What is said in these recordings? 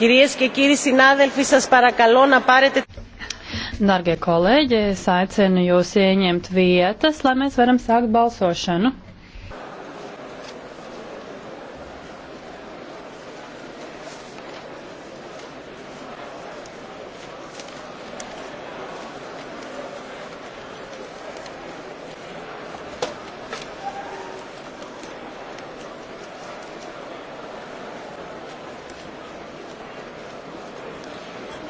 Κυρίες και κύριοι συνάδελφοι, σας παρακαλώ να πάρετε... Dargie kolēģi, es aicinu jūs ieņemt vietas, lai mēs varam sākt balsošanu.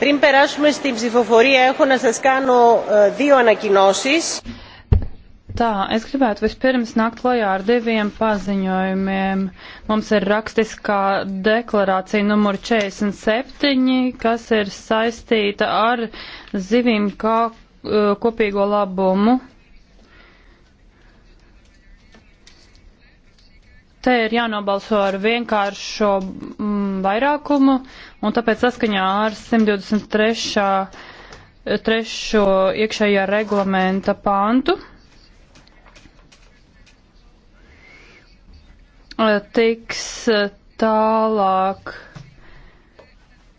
Πριν περάσουμε στην ψηφοφορία, έχω να σας κάνω δύο ανακοινώσεις. Tā, es gribētu vispirms nākt klajā ar diviem paziņojumiem. Mums ir rakstiskā deklarācija numur 47, kas ir saistīta ar zivīm kā e, kopīgo labumu. Te ir jānobalso ar vienkāršo vairākumu, un tāpēc saskaņā ar 123. trešo iekšējā reglamenta pāntu eh, tiks eh, tālāk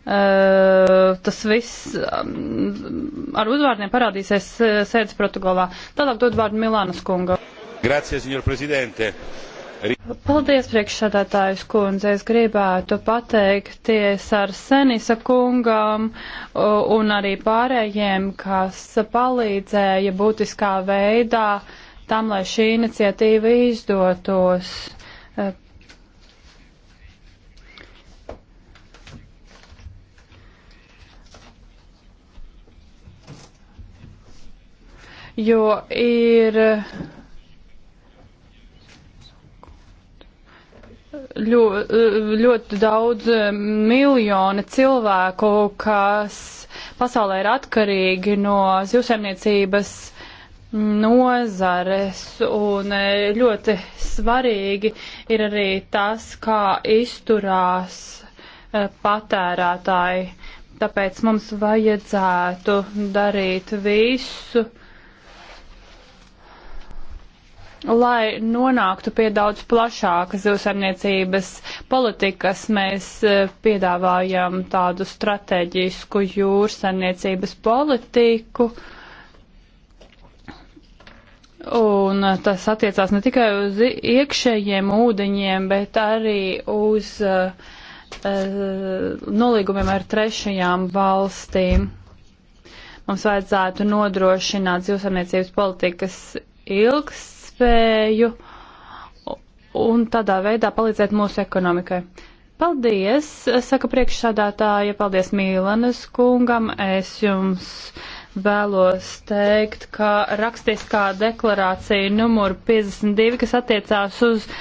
eh, tas viss mm, ar uzvārdiem parādīsies sēdes protokolā. Tālāk dod vārdu Milānas kunga. Grazie, signor Presidente. Paldies, priekšsādātājs kundze. Es gribētu pateikties ar Senisa kungam un arī pārējiem, kas palīdzēja būtiskā veidā tam, lai šī iniciatīva izdotos. Jo ir ļo, ļoti daudz eh, miljoni cilvēku, kas pasaulē ir atkarīgi no zivsaimniecības nozares, un eh, ļoti svarīgi ir arī tas, kā izturās eh, patērētāji. Tāpēc mums vajadzētu darīt visu, lai nonāktu pie daudz plašākas zivsaimniecības politikas, mēs eh, piedāvājam tādu strateģisku jūrsaimniecības politiku. Un eh, tas attiecās ne tikai uz iekšējiem ūdeņiem, bet arī uz uh, nolīgumiem ar trešajām valstīm. Mums vajadzētu nodrošināt zivsaimniecības politikas ilgs iespēju un tādā veidā palīdzēt mūsu ekonomikai. Paldies, saka priekšsādātāja, paldies Mīlanes kungam. Es jums vēlos teikt, ka rakstiskā deklarācija numur 52, kas attiecās uz